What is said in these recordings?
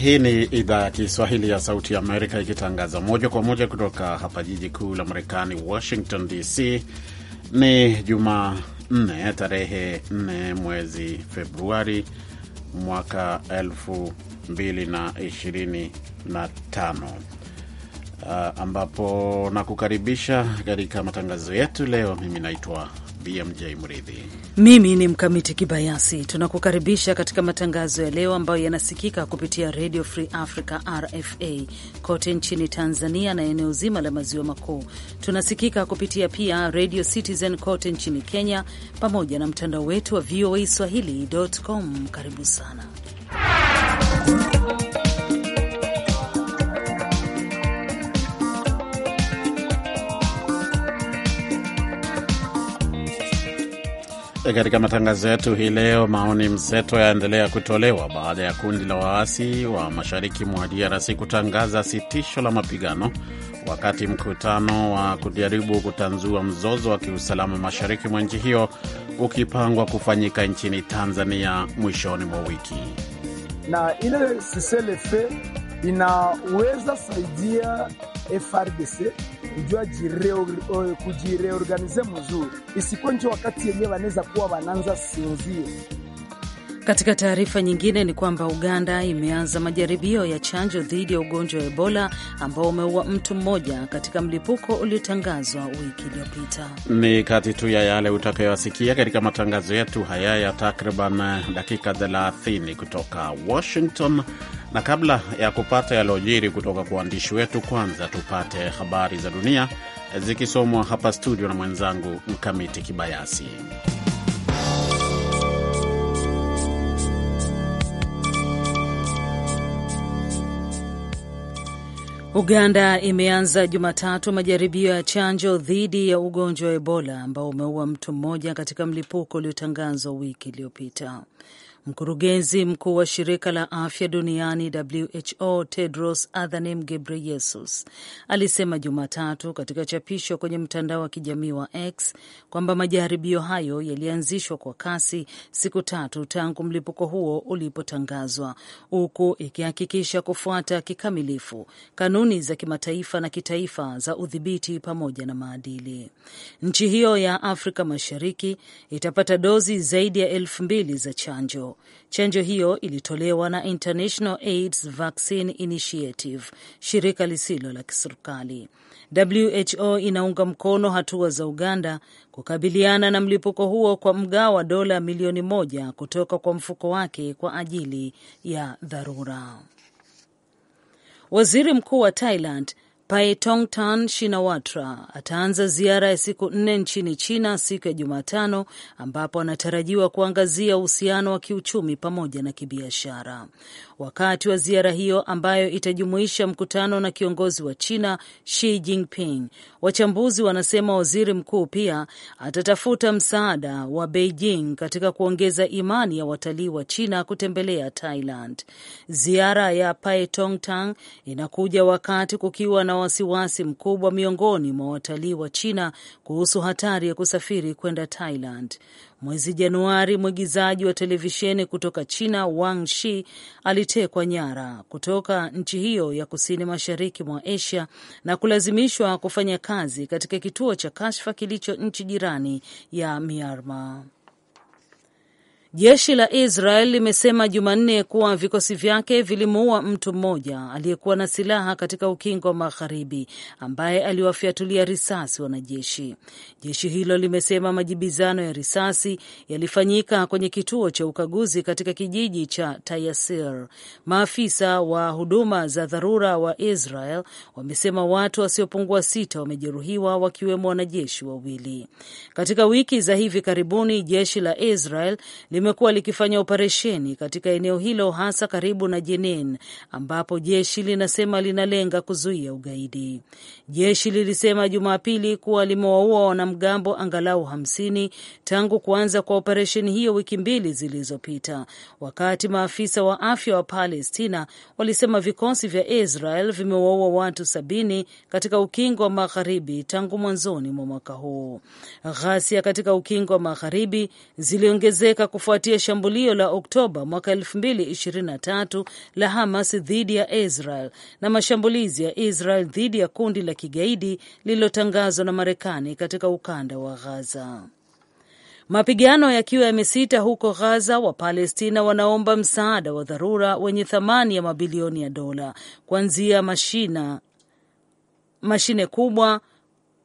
Hii ni idhaa ya Kiswahili ya Sauti ya Amerika ikitangaza moja kwa moja kutoka hapa jiji kuu la Marekani, Washington DC. Ni Jumanne, tarehe 4 mwezi Februari mwaka 2025 uh, ambapo nakukaribisha katika matangazo yetu leo. Mimi naitwa BMJ Mridhi, mimi ni Mkamiti Kibayasi. Tunakukaribisha katika matangazo ya leo ambayo yanasikika kupitia Radio Free Africa RFA kote nchini Tanzania na eneo zima la maziwa makuu. Tunasikika kupitia pia Radio Citizen kote nchini Kenya pamoja na mtandao wetu wa VOA Swahili.com. Karibu sana Eh, katika matangazo yetu hii leo, maoni mseto yaendelea kutolewa baada ya kundi la waasi wa mashariki mwa DRC kutangaza sitisho la mapigano wakati mkutano wa kujaribu kutanzua mzozo wa kiusalama mashariki mwa nchi hiyo ukipangwa kufanyika nchini Tanzania mwishoni mwa wiki. Na ile siselefe inaweza saidia FRDC kujua kujireorganize mzuri, isikonje wakati yenyewe wanaweza kuwa wanaanza sinzio. Katika taarifa nyingine ni kwamba Uganda imeanza majaribio ya chanjo dhidi ya ugonjwa wa Ebola ambao umeua mtu mmoja katika mlipuko uliotangazwa wiki iliyopita. Ni kati tu ya yale utakayoasikia katika matangazo yetu haya ya takriban dakika 30 kutoka Washington. Na kabla ya kupata yaliyojiri kutoka kwa waandishi wetu, kwanza tupate habari za dunia zikisomwa hapa studio na mwenzangu Mkamiti Kibayasi. Uganda imeanza Jumatatu majaribio ya chanjo dhidi ya ugonjwa wa Ebola ambao umeua mtu mmoja katika mlipuko uliotangazwa wiki iliyopita. Mkurugenzi mkuu wa shirika la afya duniani WHO Tedros Adhanom Ghebreyesus alisema Jumatatu katika chapisho kwenye mtandao wa kijamii wa X kwamba majaribio hayo yalianzishwa kwa kasi siku tatu tangu mlipuko huo ulipotangazwa, huku ikihakikisha kufuata kikamilifu kanuni za kimataifa na kitaifa za udhibiti pamoja na maadili. Nchi hiyo ya Afrika Mashariki itapata dozi zaidi ya elfu mbili za chanjo. Chanjo hiyo ilitolewa na International AIDS Vaccine Initiative, shirika lisilo la kiserikali. WHO inaunga mkono hatua za Uganda kukabiliana na mlipuko huo kwa mgao wa dola milioni moja kutoka kwa mfuko wake kwa ajili ya dharura. Waziri Mkuu wa Thailand Paetongtarn Shinawatra ataanza ziara ya siku nne nchini China siku ya Jumatano, ambapo anatarajiwa kuangazia uhusiano wa kiuchumi pamoja na kibiashara. Wakati wa ziara hiyo ambayo itajumuisha mkutano na kiongozi wa China Xi Jinping, wachambuzi wanasema waziri mkuu pia atatafuta msaada wa Beijing katika kuongeza imani ya watalii wa China kutembelea Thailand. Ziara ya Paetongtarn inakuja wakati kukiwa na wasiwasi mkubwa miongoni mwa watalii wa China kuhusu hatari ya kusafiri kwenda Thailand. Mwezi Januari, mwigizaji wa televisheni kutoka China Wang Shi alitekwa nyara kutoka nchi hiyo ya kusini mashariki mwa Asia na kulazimishwa kufanya kazi katika kituo cha kashfa kilicho nchi jirani ya Myanmar. Jeshi la Israel limesema Jumanne kuwa vikosi vyake vilimuua mtu mmoja aliyekuwa na silaha katika ukingo wa magharibi ambaye aliwafyatulia risasi wanajeshi. Jeshi hilo limesema majibizano ya risasi yalifanyika kwenye kituo cha ukaguzi katika kijiji cha Tayasir. Maafisa wa huduma za dharura wa Israel wamesema watu wasiopungua sita wamejeruhiwa wakiwemo wanajeshi wawili. Katika wiki za hivi karibuni jeshi la Israel lime limekuwa likifanya operesheni katika eneo hilo hasa karibu na Jenin ambapo jeshi linasema linalenga kuzuia ugaidi. Jeshi lilisema Jumapili kuwa limewaua wanamgambo angalau hamsini tangu kuanza kwa operesheni hiyo wiki mbili zilizopita, wakati maafisa wa afya wa Palestina walisema vikosi vya Israel vimewaua watu sabini katika ukingo wa magharibi tangu mwanzoni mwa mwaka huu. Ghasia katika ukingo wa magharibi ziliongezeka kufuatia kufuatia shambulio la Oktoba mwaka 2023 la Hamas dhidi ya Israel na mashambulizi ya Israel dhidi ya kundi la kigaidi lililotangazwa na Marekani katika ukanda wa Gaza. Mapigano yakiwa yamesita huko Gaza, Wapalestina wanaomba msaada wa dharura wenye thamani ya mabilioni ya dola kuanzia mashina mashine kubwa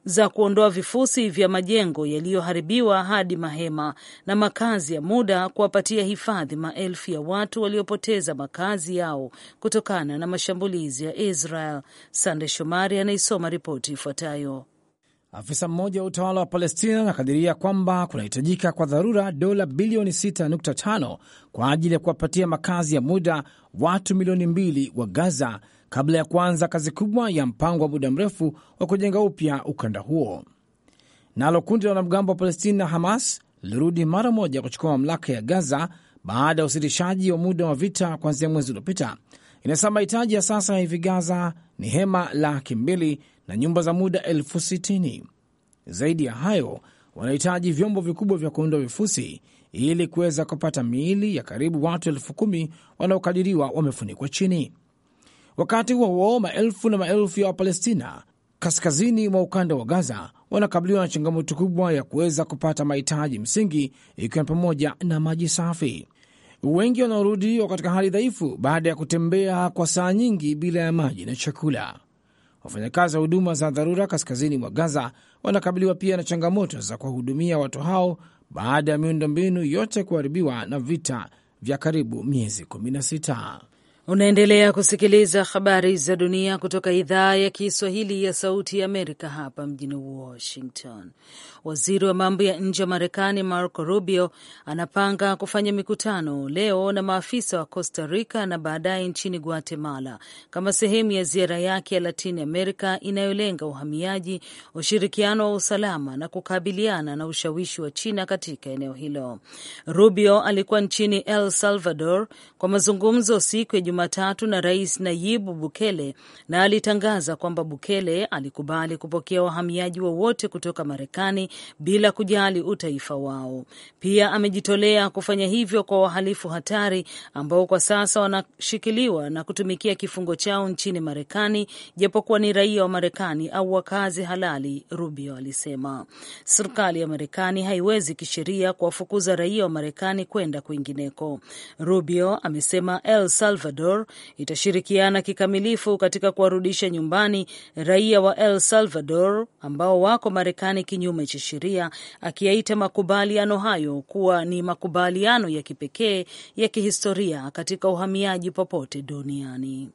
za kuondoa vifusi vya majengo yaliyoharibiwa hadi mahema na makazi ya muda kuwapatia hifadhi maelfu ya watu waliopoteza makazi yao kutokana na mashambulizi ya Israel. Sande Shomari anaisoma ripoti ifuatayo. Afisa mmoja wa utawala wa Palestina anakadiria kwamba kunahitajika kwa dharura dola bilioni 6.5 kwa ajili ya kuwapatia makazi ya muda watu milioni mbili wa Gaza kabla ya kuanza kazi kubwa ya mpango wa muda mrefu wa kujenga upya ukanda huo. Nalo kundi la wanamgambo wa Palestina Hamas lilirudi mara moja kuchukua mamlaka ya Gaza baada ya usitishaji wa muda wa vita kuanzia mwezi uliopita. Inasema mahitaji ya sasa hivi Gaza ni hema laki mbili na nyumba za muda elfu sitini. Zaidi ya hayo, wanahitaji vyombo vikubwa vya kuondoa vifusi ili kuweza kupata miili ya karibu watu elfu kumi wanaokadiriwa wamefunikwa chini. Wakati huo huo, maelfu na maelfu ya Wapalestina kaskazini mwa ukanda wa Gaza wanakabiliwa na changamoto kubwa ya kuweza kupata mahitaji msingi, ikiwa ni pamoja na maji safi. Wengi wanaorudi wa katika hali dhaifu baada ya kutembea kwa saa nyingi bila ya maji na chakula. Wafanyakazi wa huduma za dharura kaskazini mwa Gaza wanakabiliwa pia na changamoto za kuwahudumia watu hao baada ya miundombinu yote kuharibiwa na vita vya karibu miezi 16. Unaendelea kusikiliza habari za dunia kutoka idhaa ya Kiswahili ya Sauti ya Amerika hapa mjini Washington. Waziri wa mambo ya nje wa Marekani Marco Rubio anapanga kufanya mikutano leo na maafisa wa Costa Rica na baadaye nchini Guatemala kama sehemu ya ziara yake ya Latini Amerika inayolenga uhamiaji, ushirikiano wa usalama na kukabiliana na ushawishi wa China katika eneo hilo. Rubio alikuwa nchini El Salvador kwa mazungumzo siku ya Jumatatu na Rais Nayibu Bukele na alitangaza kwamba Bukele alikubali kupokea wahamiaji wowote wa kutoka Marekani bila kujali utaifa wao. Pia amejitolea kufanya hivyo kwa wahalifu hatari ambao kwa sasa wanashikiliwa na kutumikia kifungo chao nchini Marekani, japokuwa ni raia wa Marekani au wakazi halali, Rubio alisema. Serikali ya Marekani haiwezi kisheria kuwafukuza raia wa Marekani kwenda kwingineko, Rubio amesema. El Salvador Ecuador itashirikiana kikamilifu katika kuwarudisha nyumbani raia wa El Salvador ambao wako Marekani kinyume cha sheria, akiyaita makubaliano hayo kuwa ni makubaliano ya kipekee ya kihistoria katika uhamiaji popote duniani.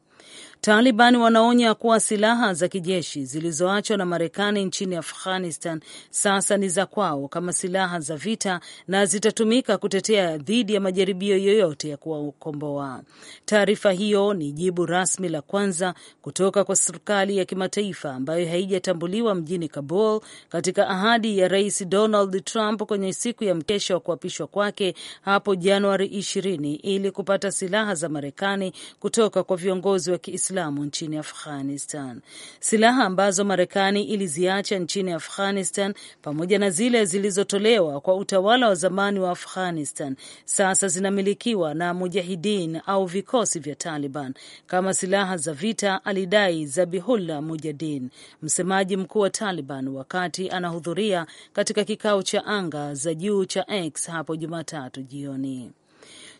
Taliban wanaonya kuwa silaha za kijeshi zilizoachwa na Marekani nchini Afghanistan sasa ni za kwao kama silaha za vita na zitatumika kutetea dhidi ya majaribio yoyote ya kuwakomboa. Taarifa hiyo ni jibu rasmi la kwanza kutoka kwa serikali ya kimataifa ambayo haijatambuliwa mjini Kabul katika ahadi ya Rais Donald Trump kwenye siku ya mkesha wa kuapishwa kwake hapo Januari 20 ili kupata silaha za Marekani kutoka kwa viongozi wa Waislamu nchini Afghanistan. Silaha ambazo Marekani iliziacha nchini Afghanistan pamoja na zile zilizotolewa kwa utawala wa zamani wa Afghanistan sasa zinamilikiwa na mujahidin au vikosi vya Taliban kama silaha za vita, alidai Zabihullah Mujahidin, msemaji mkuu wa Taliban, wakati anahudhuria katika kikao cha anga za juu cha X hapo Jumatatu jioni.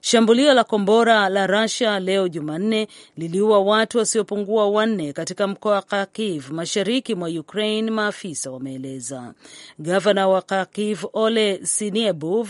Shambulio la kombora la rasia leo Jumanne liliua watu wasiopungua wanne katika mkoa wa Kharkiv mashariki mwa Ukraine, maafisa wameeleza. Gavana wa Kharkiv Ole Siniebov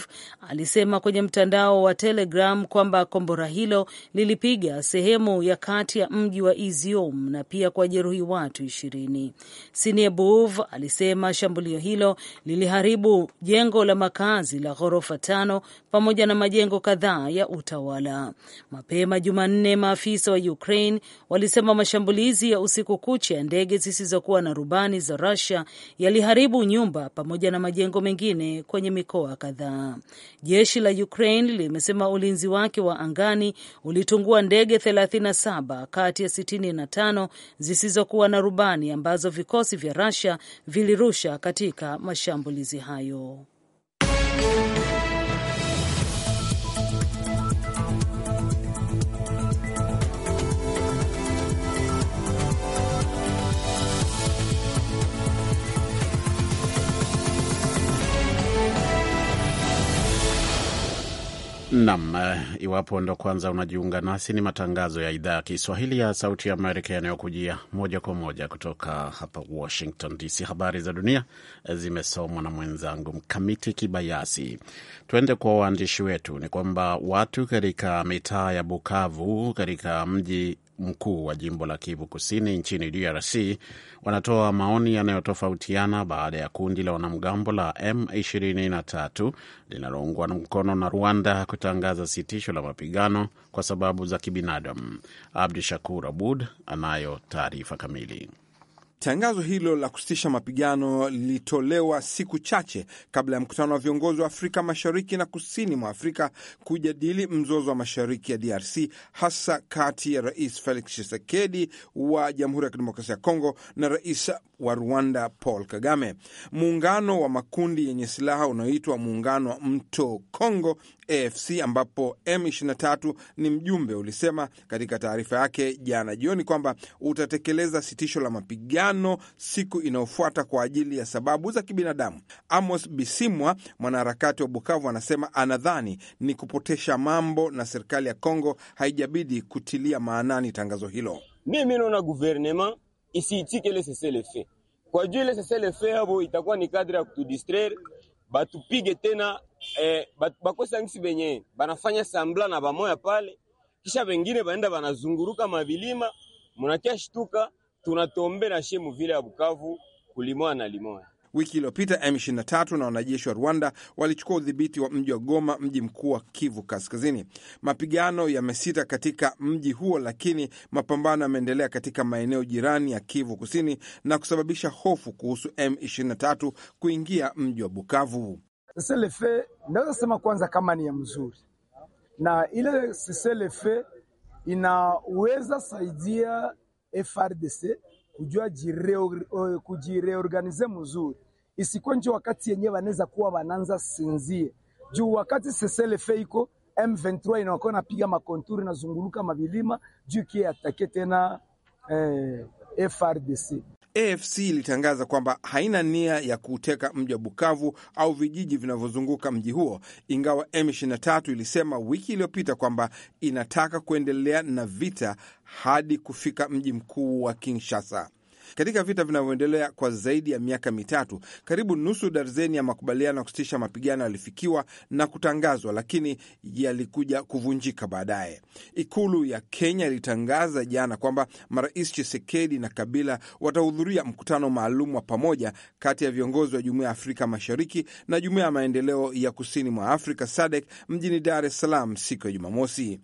alisema kwenye mtandao wa Telegram kwamba kombora hilo lilipiga sehemu ya kati ya mji wa Izium na pia kuwajeruhi watu ishirini. Siniebov alisema shambulio hilo liliharibu jengo la makazi la ghorofa tano pamoja na majengo kadhaa ya utawala. Mapema Jumanne, maafisa wa Ukraine walisema mashambulizi ya usiku kucha ya ndege zisizokuwa na rubani za Russia yaliharibu nyumba pamoja na majengo mengine kwenye mikoa kadhaa. Jeshi la Ukraine limesema ulinzi wake wa angani ulitungua ndege 37 kati ya 65 zisizokuwa na rubani ambazo vikosi vya Russia vilirusha katika mashambulizi hayo. Nam, eh, iwapo ndo kwanza unajiunga nasi, ni matangazo ya idhaa ya Kiswahili ya Sauti ya Amerika yanayokujia moja kwa moja kutoka hapa Washington DC. Habari za dunia eh, zimesomwa na mwenzangu Mkamiti Kibayasi. Tuende kwa waandishi wetu, ni kwamba watu katika mitaa ya Bukavu katika mji mkuu wa jimbo la Kivu Kusini nchini DRC wanatoa maoni yanayotofautiana baada ya kundi la wanamgambo la M23 linaloungwa mkono na Rwanda kutangaza sitisho la mapigano kwa sababu za kibinadamu. Abdu Shakur Abud anayo taarifa kamili. Tangazo hilo la kusitisha mapigano lilitolewa siku chache kabla ya mkutano wa viongozi wa Afrika Mashariki na kusini mwa Afrika kujadili mzozo wa mashariki ya DRC, hasa kati ya Rais Felix Tshisekedi wa Jamhuri ya Kidemokrasia ya Kongo na rais wa Rwanda Paul Kagame. Muungano wa makundi yenye silaha unaoitwa Muungano wa Mto Kongo AFC ambapo M23 ni mjumbe, ulisema katika taarifa yake jana jioni kwamba utatekeleza sitisho la mapigano siku inayofuata kwa ajili ya sababu za kibinadamu. Amos Bisimwa, mwanaharakati wa Bukavu, anasema anadhani ni kupotesha mambo na serikali ya Kongo haijabidi kutilia maanani tangazo hilo. Mimi naona guvernema isiitike ile kwa juu ile hapo itakuwa ni kadri ya kutudistraire, batupige tena eh, bakosa ngisi benye banafanya sambla na bamoya pale, kisha bengine baenda banazunguruka mavilima, munakia shtuka, tunatombe na shemu vile ya Bukavu kulimoa na limoa. Wiki iliyopita M23 na wanajeshi wa Rwanda walichukua udhibiti wa mji wa Goma, mji mkuu wa Kivu Kaskazini. Mapigano yamesita katika mji huo, lakini mapambano yameendelea katika maeneo jirani ya Kivu Kusini na kusababisha hofu kuhusu M23 kuingia mji wa Bukavu. Seselefe naweza sema kwanza kama ni ya mzuri, na ile seselefe inaweza saidia FRDC kujua kujireorganize mzuri, isikuwe njo wakati yenyewe wanaweza kuwa wananza sinzie juu wakati seselefe iko M23 inakuwa napiga makonturi nazunguluka mabilima juu kie atake tena eh, FRDC AFC ilitangaza kwamba haina nia ya kuuteka mji wa Bukavu au vijiji vinavyozunguka mji huo, ingawa M23 ilisema wiki iliyopita kwamba inataka kuendelea na vita hadi kufika mji mkuu wa Kinshasa katika vita vinavyoendelea kwa zaidi ya miaka mitatu. Karibu nusu darzeni ya makubaliano ya kusitisha mapigano yalifikiwa na kutangazwa, lakini yalikuja kuvunjika baadaye. Ikulu ya Kenya ilitangaza jana kwamba marais Chisekedi na Kabila watahudhuria mkutano maalum wa pamoja kati ya viongozi wa Jumuiya ya Afrika Mashariki na Jumuiya ya Maendeleo ya Kusini mwa Afrika SADC mjini Dar es Salaam siku ya Jumamosi.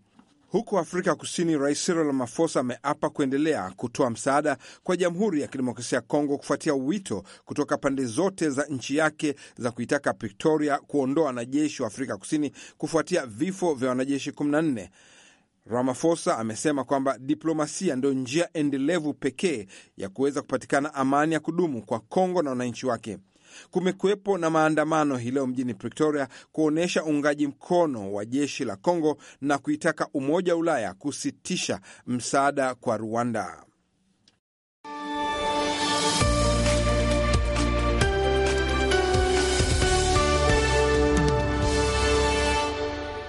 Huku Afrika Kusini, Rais Cyril Ramaphosa ameapa kuendelea kutoa msaada kwa Jamhuri ya Kidemokrasia ya Kongo kufuatia wito kutoka pande zote za nchi yake za kuitaka Pretoria kuondoa wanajeshi wa Afrika Kusini kufuatia vifo vya wanajeshi 14. Ramaphosa amesema kwamba diplomasia ndio njia endelevu pekee ya kuweza kupatikana amani ya kudumu kwa Kongo na wananchi wake. Kumekuwepo na maandamano hii leo mjini Pretoria kuonyesha uungaji mkono wa jeshi la congo na kuitaka Umoja wa Ulaya kusitisha msaada kwa Rwanda.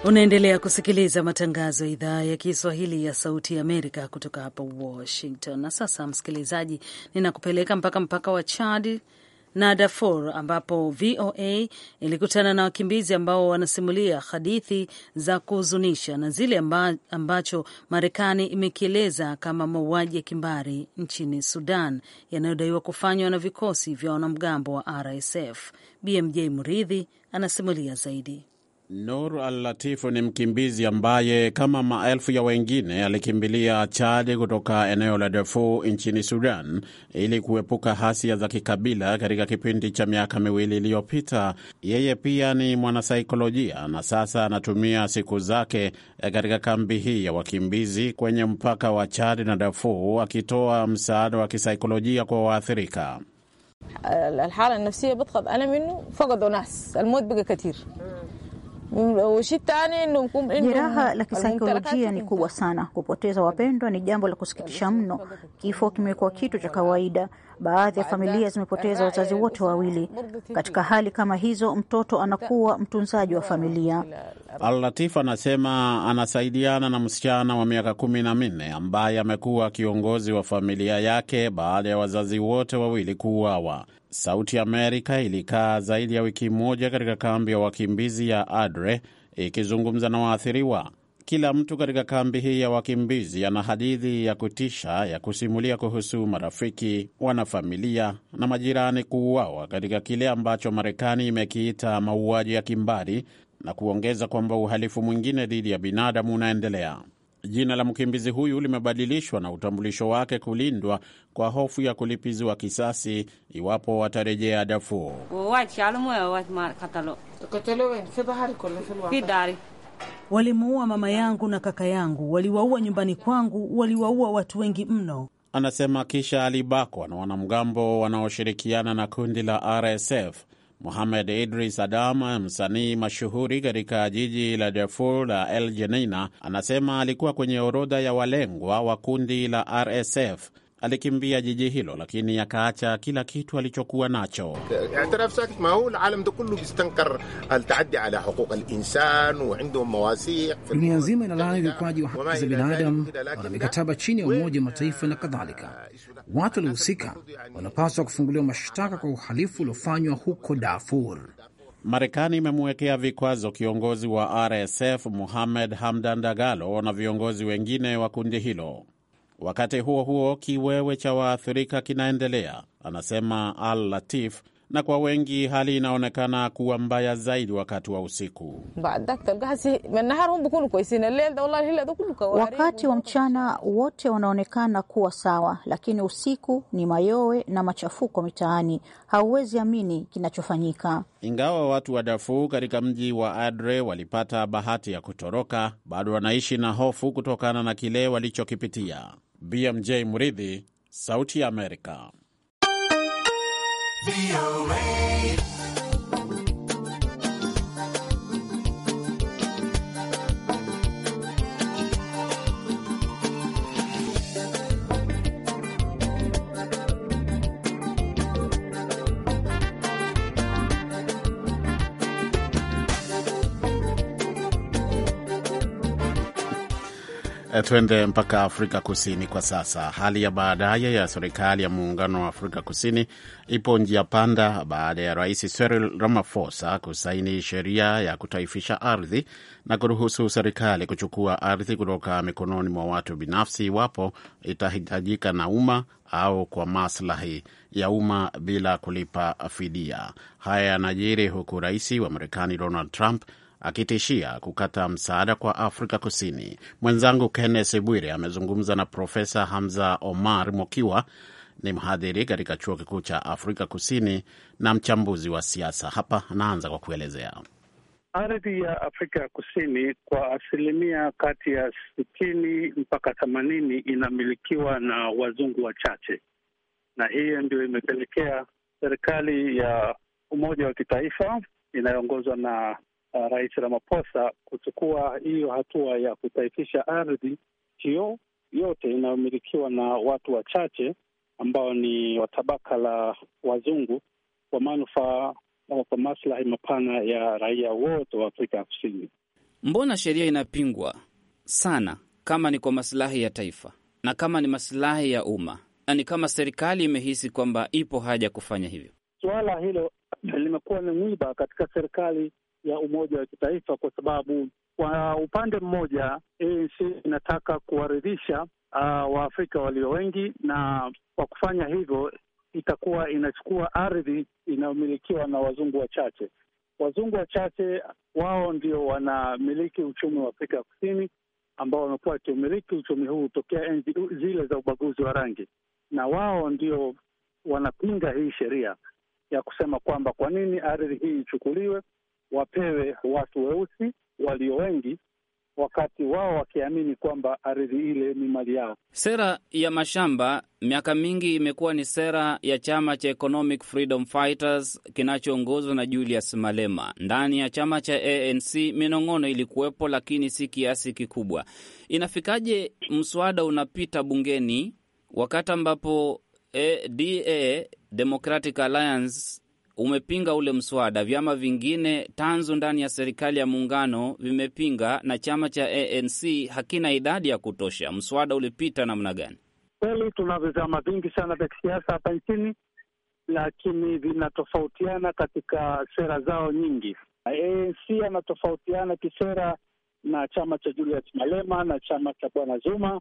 Unaendelea kusikiliza matangazo ya idhaa ya Kiswahili ya Sauti ya Amerika kutoka hapa Washington. Na sasa, msikilizaji, ninakupeleka mpaka mpaka wa Chadi na Darfur ambapo VOA ilikutana na wakimbizi ambao wanasimulia hadithi za kuhuzunisha na zile amba, ambacho Marekani imekieleza kama mauaji ya kimbari nchini Sudan yanayodaiwa kufanywa na vikosi vya wanamgambo wa RSF. BMJ Muridhi anasimulia zaidi. Nur al-Latifu ni mkimbizi ambaye kama maelfu ya wengine alikimbilia Chad kutoka eneo la Darfur nchini Sudan ili kuepuka hasia za kikabila katika kipindi cha miaka miwili iliyopita. Yeye pia ni mwanasaikolojia na sasa anatumia siku zake katika kambi hii ya wakimbizi kwenye mpaka wa Chad na Darfur akitoa msaada wa kisaikolojia kwa waathirika. Alhala nafsia batab ana minu fagado nas katir Jeraha la kisaikolojia ni kubwa sana. Kupoteza wapendwa ni jambo la kusikitisha mno. Kifo kimekuwa kitu cha kawaida. Baadhi ya familia zimepoteza wazazi wote wawili. Katika hali kama hizo, mtoto anakuwa mtunzaji wa familia. al anasema anasaidiana na msichana wa miaka kumi na minne ambaye amekuwa kiongozi wa familia yake baada ya wazazi wote wawili kuuawa. Sauti Amerika ilikaa zaidi ya wiki moja katika kambi ya wakimbizi ya Adre ikizungumza na waathiriwa. Kila mtu katika kambi hii ya wakimbizi ana hadithi ya kutisha ya kusimulia kuhusu marafiki, wanafamilia na majirani kuuawa katika kile ambacho Marekani imekiita mauaji ya kimbari na kuongeza kwamba uhalifu mwingine dhidi ya binadamu unaendelea. Jina la mkimbizi huyu limebadilishwa na utambulisho wake kulindwa kwa hofu ya kulipiziwa kisasi iwapo watarejea Darfur. Walimuua mama yangu na kaka yangu, waliwaua nyumbani kwangu, waliwaua watu wengi mno, anasema. Kisha alibakwa na wanamgambo wanaoshirikiana na kundi la RSF muhamed Idris Adam, msanii mashuhuri katika jiji la Darfur la El Jenina, anasema alikuwa kwenye orodha ya walengwa wa kundi la RSF alikimbia jiji hilo, lakini akaacha kila kitu alichokuwa nacho. Dunia nzima inalaani vikwaji wa haki za binadamu, wana mikataba chini ya Umoja wa Mataifa na kadhalika. Watu waliohusika wanapaswa kufunguliwa mashtaka kwa uhalifu uliofanywa huko Darfur. Marekani imemwekea vikwazo kiongozi wa RSF Muhamed Hamdan Dagalo na viongozi wengine wa kundi hilo. Wakati huo huo, kiwewe cha waathirika kinaendelea, anasema Al Latif, na kwa wengi hali inaonekana kuwa mbaya zaidi wakati wa usiku. Wakati wa mchana wote wanaonekana kuwa sawa, lakini usiku ni mayowe na machafuko mitaani. Hauwezi amini kinachofanyika. Ingawa watu wa Darfur katika mji wa Adre walipata bahati ya kutoroka, bado wanaishi na hofu kutokana na kile walichokipitia. BMJ Mridhi, Sauti ya Amerika. Eh, Tuende mpaka Afrika Kusini kwa sasa. Hali ya baadaye ya serikali ya muungano wa Afrika Kusini ipo njia panda baada ya Rais Cyril Ramaphosa kusaini sheria ya kutaifisha ardhi na kuruhusu serikali kuchukua ardhi kutoka mikononi mwa watu binafsi iwapo itahitajika na umma au kwa maslahi ya umma bila kulipa fidia. Haya yanajiri huku rais wa Marekani Donald Trump akitishia kukata msaada kwa Afrika Kusini. Mwenzangu Kennes Bwire amezungumza na Profesa Hamza Omar Mokiwa, ni mhadhiri katika chuo kikuu cha Afrika Kusini na mchambuzi wa siasa. Hapa anaanza kwa kuelezea ardhi ya Afrika ya Kusini kwa asilimia kati ya sitini mpaka themanini inamilikiwa na wazungu wachache, na hiyo ndio imepelekea serikali ya umoja wa kitaifa inayoongozwa na uh, Rais Ramaphosa kuchukua hiyo hatua ya kutaifisha ardhi hiyo yote inayomilikiwa na watu wachache ambao ni wa tabaka la wazungu kwa manufaa au kwa maslahi mapana ya raia wote wa Afrika Kusini. Mbona sheria inapingwa sana kama ni kwa masilahi ya taifa na kama ni masilahi ya umma, na ni kama serikali imehisi kwamba ipo haja kufanya hivyo? Suala hilo limekuwa ni mwiba katika serikali ya umoja wa kitaifa, kwa sababu kwa upande mmoja ANC inataka kuwaridhisha uh, Waafrika walio wengi, na kwa kufanya hivyo itakuwa inachukua ardhi inayomilikiwa na wazungu wachache. Wazungu wachache wao ndio wanamiliki uchumi wa Afrika ya Kusini, ambao wamekuwa wakiumiliki uchumi huu tokea enzi zile za ubaguzi wa rangi, na wao ndio wanapinga hii sheria ya kusema kwamba kwa nini ardhi hii ichukuliwe wapewe watu weusi walio wengi wakati wao wakiamini kwamba ardhi ile ni mali yao. Sera ya mashamba miaka mingi imekuwa ni sera ya chama cha Economic Freedom Fighters kinachoongozwa na Julius Malema. Ndani ya chama cha ANC minong'ono ilikuwepo, lakini si kiasi kikubwa. Inafikaje mswada unapita bungeni wakati ambapo DA, Democratic Alliance umepinga ule mswada. Vyama vingine tanzu ndani ya serikali ya muungano vimepinga, na chama cha ANC hakina idadi ya kutosha. Mswada ulipita namna gani? Kweli tunavyo vyama vingi sana vya kisiasa hapa nchini, lakini vinatofautiana katika sera zao nyingi. ANC anatofautiana kisera na chama cha Julius Malema na chama cha bwana Zuma,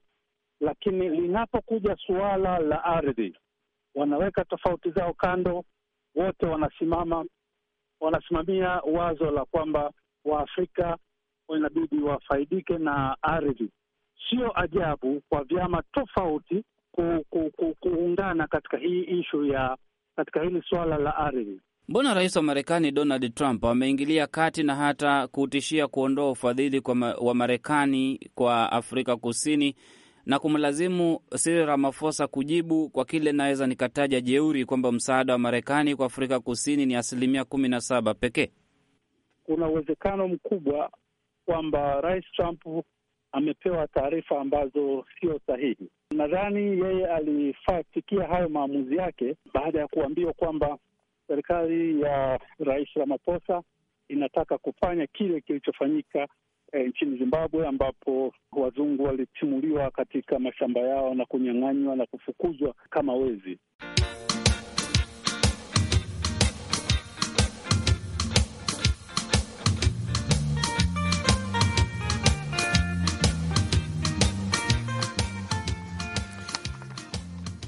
lakini linapokuja suala la ardhi wanaweka tofauti zao kando wote wanasimama wanasimamia wazo la kwamba Waafrika inabidi wafaidike na ardhi. Sio ajabu kwa vyama tofauti ku, ku, ku, kuungana katika hii ishu ya katika hili suala la ardhi. Mbona rais wa Marekani Donald Trump ameingilia kati na hata kutishia kuondoa ufadhili ma, wa Marekani kwa Afrika Kusini na kumlazimu Cyril Ramaphosa kujibu kwa kile naweza nikataja jeuri kwamba msaada wa Marekani kwa Afrika Kusini ni asilimia kumi na saba pekee. Kuna uwezekano mkubwa kwamba Rais Trump amepewa taarifa ambazo sio sahihi. Nadhani yeye alifaa hayo maamuzi yake baada ya kuambiwa kwamba serikali ya Rais Ramaphosa inataka kufanya kile kilichofanyika e, nchini Zimbabwe ambapo wazungu walitimuliwa katika mashamba yao na kunyang'anywa na kufukuzwa kama wezi.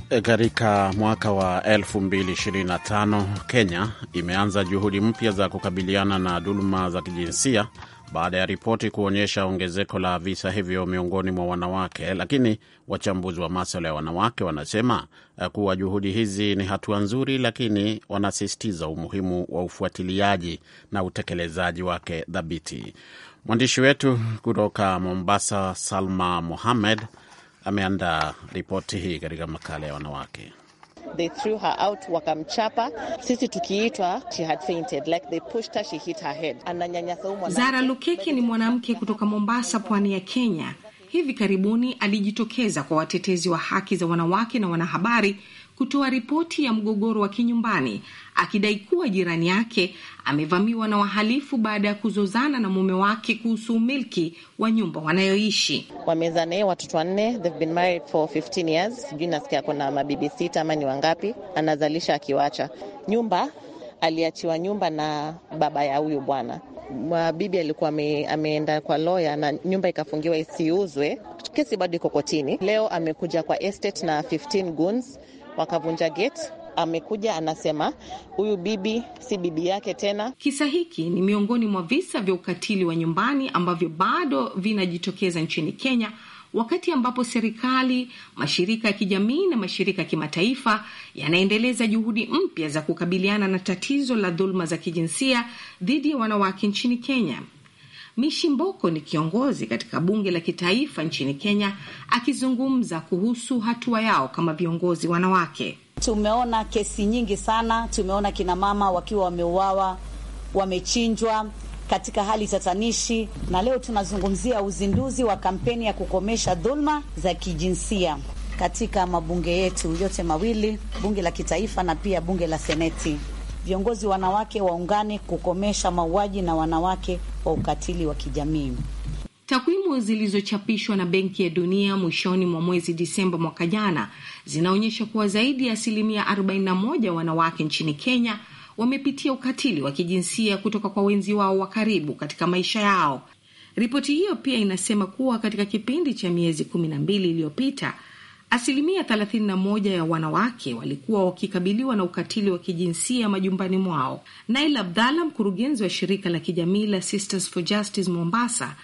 E, katika mwaka wa 2025 Kenya imeanza juhudi mpya za kukabiliana na dhuluma za kijinsia baada ya ripoti kuonyesha ongezeko la visa hivyo miongoni mwa wanawake, lakini wachambuzi wa maswala ya wanawake wanasema eh, kuwa juhudi hizi ni hatua nzuri, lakini wanasisitiza umuhimu wa ufuatiliaji na utekelezaji wake thabiti. Mwandishi wetu kutoka Mombasa, Salma Mohamed, ameandaa ripoti hii katika makala ya wanawake they threw her out, wakamchapa. Sisi tukiitwa she had fainted, like they pushed her, she hit her head. Ananyanyasa umwa. Zara Lukeke ni mwanamke kutoka Mombasa, pwani ya Kenya. Hivi karibuni alijitokeza kwa watetezi wa haki za wanawake na wanahabari kutoa ripoti ya mgogoro wa kinyumbani akidai kuwa jirani yake amevamiwa na wahalifu baada ya kuzozana na mume wake kuhusu umiliki wa nyumba wanayoishi. Wamezaa naye watoto wanne, they've been married for 15 years. Sijui nasikia kuna mabibi sita ama ni wangapi, anazalisha akiwacha nyumba. Aliachiwa nyumba na baba ya huyu bwana mabibi alikuwa ame, ameenda kwa lawyer na nyumba ikafungiwa isiuzwe. Kesi bado iko kotini. Leo amekuja kwa estate na 15 goons wakavunja geti. Amekuja anasema huyu bibi si bibi yake tena. Kisa hiki ni miongoni mwa visa vya ukatili wa nyumbani ambavyo bado vinajitokeza nchini Kenya, wakati ambapo serikali, mashirika ya kijamii na mashirika ya kimataifa yanaendeleza juhudi mpya za kukabiliana na tatizo la dhuluma za kijinsia dhidi ya wanawake nchini Kenya. Mishi Mboko ni kiongozi katika bunge la kitaifa nchini Kenya, akizungumza kuhusu hatua yao kama viongozi wanawake. Tumeona kesi nyingi sana, tumeona kina mama wakiwa wameuawa, wamechinjwa katika hali tatanishi, na leo tunazungumzia uzinduzi wa kampeni ya kukomesha dhuluma za kijinsia katika mabunge yetu yote mawili, bunge la kitaifa na pia bunge la seneti viongozi wanawake waungane kukomesha mauaji na wanawake wa ukatili wa kijamii. Takwimu zilizochapishwa na Benki ya Dunia mwishoni mwa mwezi Disemba mwaka jana zinaonyesha kuwa zaidi ya asilimia 41 wanawake nchini Kenya wamepitia ukatili wa kijinsia kutoka kwa wenzi wao wa karibu katika maisha yao. Ripoti hiyo pia inasema kuwa katika kipindi cha miezi 12 iliyopita Asilimia 31 ya wanawake walikuwa wakikabiliwa na ukatili wa kijinsia majumbani mwao. Nail Abdalla, mkurugenzi wa shirika la kijamii la Sisters for Justice Mombasa,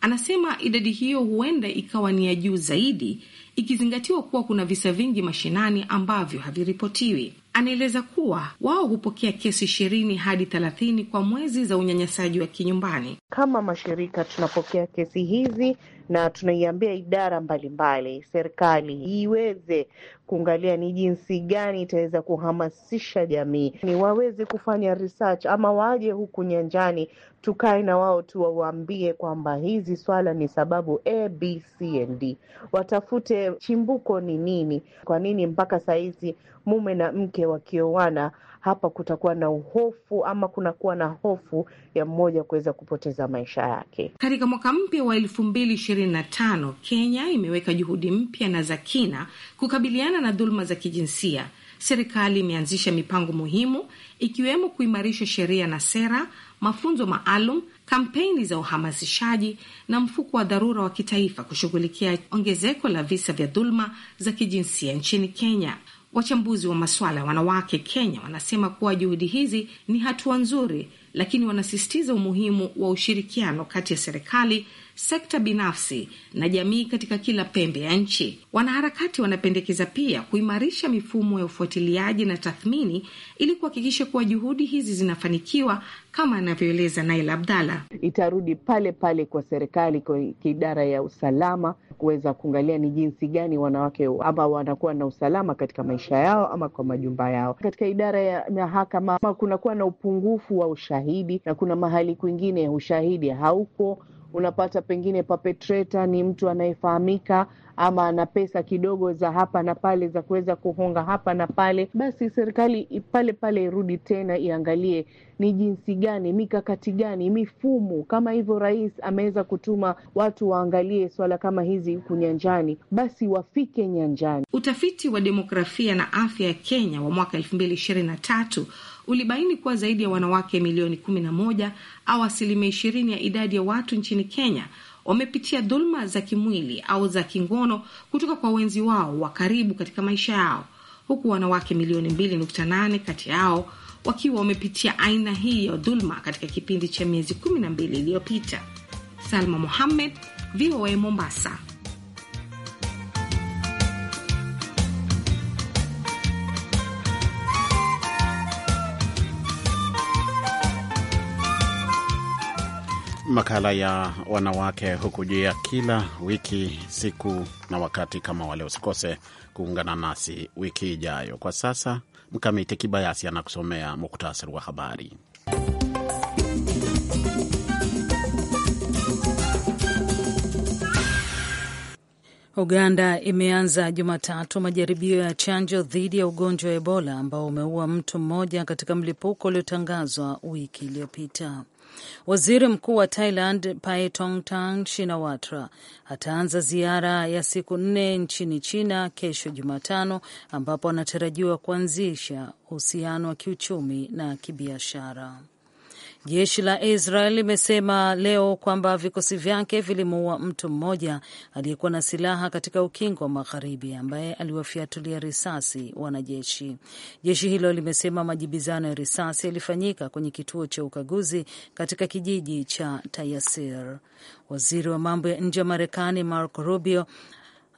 anasema idadi hiyo huenda ikawa ni ya juu zaidi ikizingatiwa kuwa kuna visa vingi mashinani ambavyo haviripotiwi. Anaeleza kuwa wao hupokea kesi ishirini hadi thelathini kwa mwezi za unyanyasaji wa kinyumbani. Kama mashirika tunapokea kesi hizi na tunaiambia idara mbalimbali, serikali iweze kuangalia ni jinsi gani itaweza kuhamasisha jamii, ni waweze kufanya research ama waje huku nyanjani, tukae na wao tuwaambie kwamba hizi swala ni sababu A, B, C and D. Watafute chimbuko ni nini, kwa nini mpaka sahizi mume na mke wakioana hapa kutakuwa na uhofu ama kunakuwa na hofu ya mmoja kuweza kupoteza maisha yake katika mwaka mpya wa elfu mbili 2025 Kenya imeweka juhudi mpya na za kina kukabiliana na dhuluma za kijinsia. Serikali imeanzisha mipango muhimu ikiwemo kuimarisha sheria na sera, mafunzo maalum, kampeni za uhamasishaji na mfuko wa dharura wa kitaifa kushughulikia ongezeko la visa vya dhuluma za kijinsia nchini Kenya. Wachambuzi wa masuala ya wanawake Kenya wanasema kuwa juhudi hizi ni hatua nzuri, lakini wanasisitiza umuhimu wa ushirikiano kati ya serikali sekta binafsi na jamii katika kila pembe ya nchi. Wanaharakati wanapendekeza pia kuimarisha mifumo ya ufuatiliaji na tathmini ili kuhakikisha kuwa juhudi hizi zinafanikiwa, kama anavyoeleza Nail Abdalla. Itarudi pale pale kwa serikali, kwa idara ya usalama kuweza kuangalia ni jinsi gani wanawake ama wanakuwa na usalama katika maisha yao ama kwa majumba yao. Katika idara ya mahakama kunakuwa na upungufu wa ushahidi na kuna mahali kwingine ushahidi hauko unapata pengine perpetrator ni mtu anayefahamika ama ana pesa kidogo za hapa na pale za kuweza kuhonga hapa na pale, basi serikali pale pale irudi tena iangalie ni jinsi gani, mikakati gani, mifumo kama hivyo. Rais ameweza kutuma watu waangalie swala kama hizi huku nyanjani, basi wafike nyanjani. Utafiti wa demografia na afya ya Kenya wa mwaka elfu mbili ishirini na tatu ulibaini kuwa zaidi ya wanawake milioni 11 au asilimia ishirini ya idadi ya watu nchini Kenya wamepitia dhuluma za kimwili au za kingono kutoka kwa wenzi wao wa karibu katika maisha yao, huku wanawake milioni 28 kati yao wakiwa wamepitia aina hii ya dhuluma katika kipindi cha miezi 12 iliyopita. Salma muhammed VOA Mombasa. Makala ya wanawake hukujia kila wiki, siku na wakati kama wale. Usikose kuungana nasi wiki ijayo. Kwa sasa, Mkamiti Kibayasi anakusomea muktasari wa habari. Uganda imeanza Jumatatu majaribio ya chanjo dhidi ya ugonjwa wa Ebola ambao umeua mtu mmoja katika mlipuko uliotangazwa wiki iliyopita. Waziri Mkuu wa Thailand Paetongtarn Shinawatra ataanza ziara ya siku nne nchini China kesho Jumatano, ambapo anatarajiwa kuanzisha uhusiano wa kiuchumi na kibiashara. Jeshi la Israel limesema leo kwamba vikosi vyake vilimuua mtu mmoja aliyekuwa na silaha katika ukingo wa Magharibi, ambaye aliwafiatulia risasi wanajeshi. Jeshi hilo limesema majibizano ya risasi yalifanyika kwenye kituo cha ukaguzi katika kijiji cha Tayasir. Waziri wa mambo ya nje wa Marekani Marco Rubio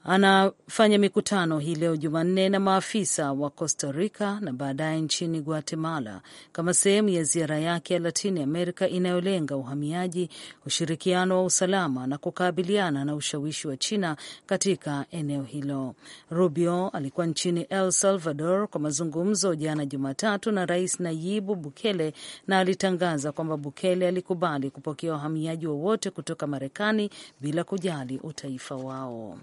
anafanya mikutano hii leo Jumanne na maafisa wa Costa Rica na baadaye nchini Guatemala kama sehemu ya ziara yake ya Latini Amerika inayolenga uhamiaji, ushirikiano wa usalama na kukabiliana na ushawishi wa China katika eneo hilo. Rubio alikuwa nchini El Salvador kwa mazungumzo jana Jumatatu na Rais Nayibu Bukele na alitangaza kwamba Bukele alikubali kupokea wahamiaji wowote kutoka Marekani bila kujali utaifa wao.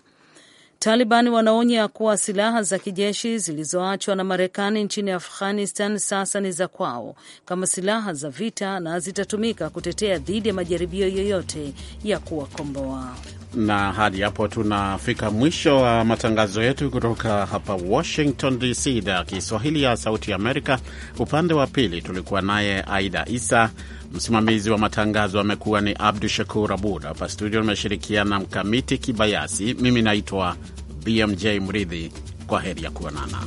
Taliban wanaonya kuwa silaha za kijeshi zilizoachwa na Marekani nchini Afghanistan sasa ni za kwao kama silaha za vita na zitatumika kutetea dhidi ya majaribio yoyote ya kuwakomboa. Na hadi hapo tunafika mwisho wa matangazo yetu kutoka hapa Washington DC, idhaa ya Kiswahili ya Sauti Amerika. Upande wa pili tulikuwa naye Aida Isa. Msimamizi wa matangazo amekuwa ni Abdu Shakur Abud. Hapa studio nimeshirikiana Mkamiti Kibayasi. Mimi naitwa BMJ Mridhi, kwa heri ya kuonana.